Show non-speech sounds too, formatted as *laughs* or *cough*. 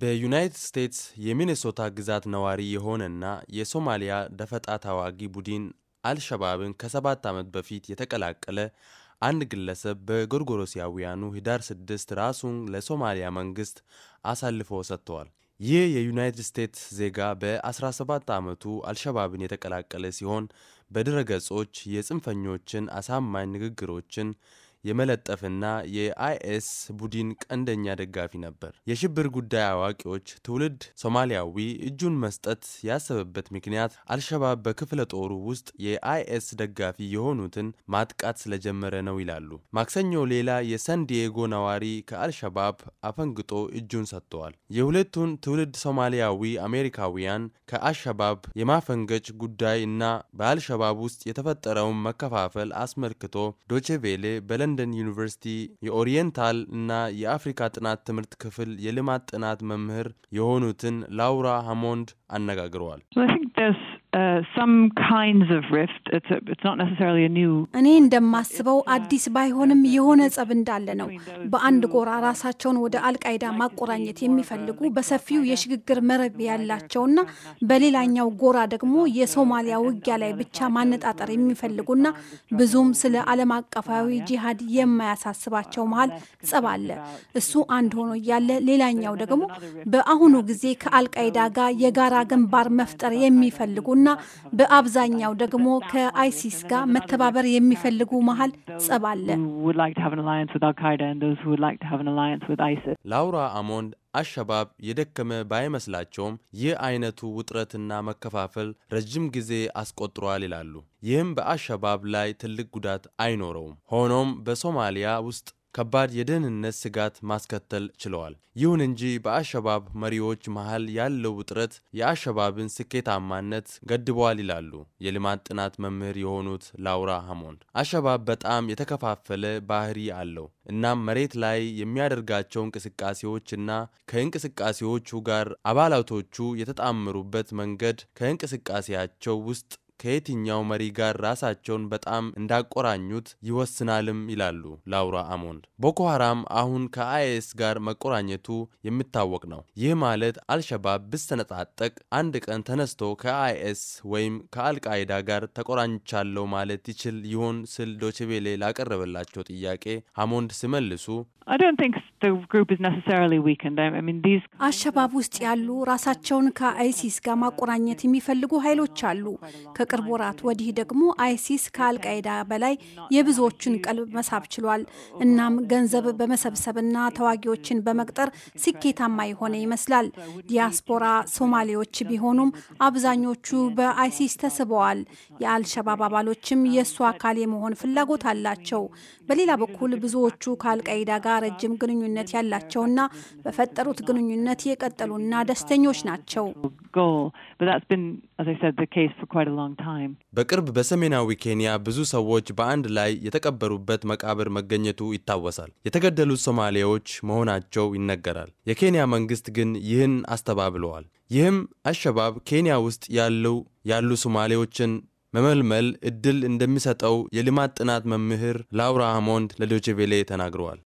በዩናይትድ ስቴትስ የሚኔሶታ ግዛት ነዋሪ የሆነና የሶማሊያ ደፈጣ ታዋጊ ቡድን አልሸባብን ከሰባት ዓመት በፊት የተቀላቀለ አንድ ግለሰብ በጎርጎሮሲያውያኑ ህዳር ስድስት ራሱን ለሶማሊያ መንግስት አሳልፎ ሰጥተዋል። ይህ የዩናይትድ ስቴትስ ዜጋ በ17 ዓመቱ አልሸባብን የተቀላቀለ ሲሆን በድረገጾች የጽንፈኞችን አሳማኝ ንግግሮችን የመለጠፍና የአይኤስ ቡድን ቀንደኛ ደጋፊ ነበር። የሽብር ጉዳይ አዋቂዎች ትውልድ ሶማሊያዊ እጁን መስጠት ያሰበበት ምክንያት አልሸባብ በክፍለ ጦሩ ውስጥ የአይኤስ ደጋፊ የሆኑትን ማጥቃት ስለጀመረ ነው ይላሉ። ማክሰኞ ሌላ የሳንዲዬጎ ነዋሪ ከአልሸባብ አፈንግጦ እጁን ሰጥተዋል። የሁለቱን ትውልድ ሶማሊያዊ አሜሪካውያን ከአልሸባብ የማፈንገጭ ጉዳይ እና በአልሸባብ ውስጥ የተፈጠረውን መከፋፈል አስመልክቶ ዶቼ ቬሌ በለን በለንደን ዩኒቨርሲቲ የኦሪየንታል እና የአፍሪካ ጥናት ትምህርት ክፍል የልማት ጥናት መምህር የሆኑትን ላውራ ሃሞንድ አነጋግረዋል። Uh, እኔ እንደማስበው አዲስ ባይሆንም የሆነ ጸብ እንዳለ ነው። በአንድ ጎራ ራሳቸውን ወደ አልቃይዳ ማቆራኘት የሚፈልጉ በሰፊው የሽግግር መረብ ያላቸውና በሌላኛው ጎራ ደግሞ የሶማሊያ ውጊያ ላይ ብቻ ማነጣጠር የሚፈልጉና ብዙም ስለ ዓለም አቀፋዊ ጂሃድ የማያሳስባቸው መሀል ጸብ አለ። እሱ አንድ ሆኖ እያለ ሌላኛው ደግሞ በአሁኑ ጊዜ ከአልቃይዳ ጋር የጋራ ግንባር መፍጠር የሚፈልጉና ናቸውና በአብዛኛው ደግሞ ከአይሲስ ጋር መተባበር የሚፈልጉ መሀል ጸብ አለ። ላውራ አሞንድ አሸባብ የደከመ ባይመስላቸውም ይህ አይነቱ ውጥረትና መከፋፈል ረጅም ጊዜ አስቆጥሯል ይላሉ። ይህም በአሸባብ ላይ ትልቅ ጉዳት አይኖረውም። ሆኖም በሶማሊያ ውስጥ ከባድ የደህንነት ስጋት ማስከተል ችለዋል። ይሁን እንጂ በአሸባብ መሪዎች መሃል ያለው ውጥረት የአሸባብን ስኬታማነት ገድበዋል ይላሉ የልማት ጥናት መምህር የሆኑት ላውራ ሃሞንድ። አሸባብ በጣም የተከፋፈለ ባህሪ አለው እናም መሬት ላይ የሚያደርጋቸው እንቅስቃሴዎችና ከእንቅስቃሴዎቹ ጋር አባላቶቹ የተጣመሩበት መንገድ ከእንቅስቃሴያቸው ውስጥ ከየትኛው መሪ ጋር ራሳቸውን በጣም እንዳቆራኙት ይወስናልም ይላሉ ላውራ አሞንድ። ቦኮ ሀራም አሁን ከአይኤስ ጋር መቆራኘቱ የሚታወቅ ነው። ይህ ማለት አልሸባብ ብስተነጣጠቅ አንድ ቀን ተነስቶ ከአይኤስ ወይም ከአልቃይዳ ጋር ተቆራኝቻለሁ ማለት ይችል ይሆን ስል ዶችቤሌ ላቀረበላቸው ጥያቄ አሞንድ ሲመልሱ *laughs* አሸባብ ውስጥ ያሉ ራሳቸውን ከአይሲስ ጋር ማቆራኘት የሚፈልጉ ኃይሎች አሉ። ከቅርብ ወራት ወዲህ ደግሞ አይሲስ ከአልቃይዳ በላይ የብዙዎችን ቀልብ መሳብ ችሏል። እናም ገንዘብ በመሰብሰብና ተዋጊዎችን በመቅጠር ስኬታማ የሆነ ይመስላል። ዲያስፖራ ሶማሌዎች ቢሆኑም አብዛኞቹ በአይሲስ ተስበዋል። የአልሸባብ አባሎችም የእሱ አካል የመሆን ፍላጎት አላቸው። በሌላ በኩል ብዙዎቹ ከአልቃይዳ ጋር ረጅም ግንኙነት ያላቸውና በፈጠሩት ግንኙነት የቀጠሉና ደስተኞች ናቸው። በቅርብ በሰሜናዊ ኬንያ ብዙ ሰዎች በአንድ ላይ የተቀበሩበት መቃብር መገኘቱ ይታወሳል። የተገደሉት ሶማሌዎች መሆናቸው ይነገራል። የኬንያ መንግስት ግን ይህን አስተባብለዋል። ይህም አሸባብ ኬንያ ውስጥ ያለው ያሉ ሶማሌዎችን መመልመል እድል እንደሚሰጠው የልማት ጥናት መምህር ላውራ ሃሞንድ ለዶቼ ቬሌ ተናግረዋል።